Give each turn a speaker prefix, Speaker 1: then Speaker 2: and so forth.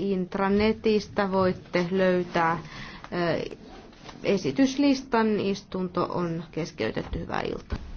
Speaker 1: intranetistä voitte löytää esityslistan. Istunto on keskeytetty. Hyvää
Speaker 2: iltaa.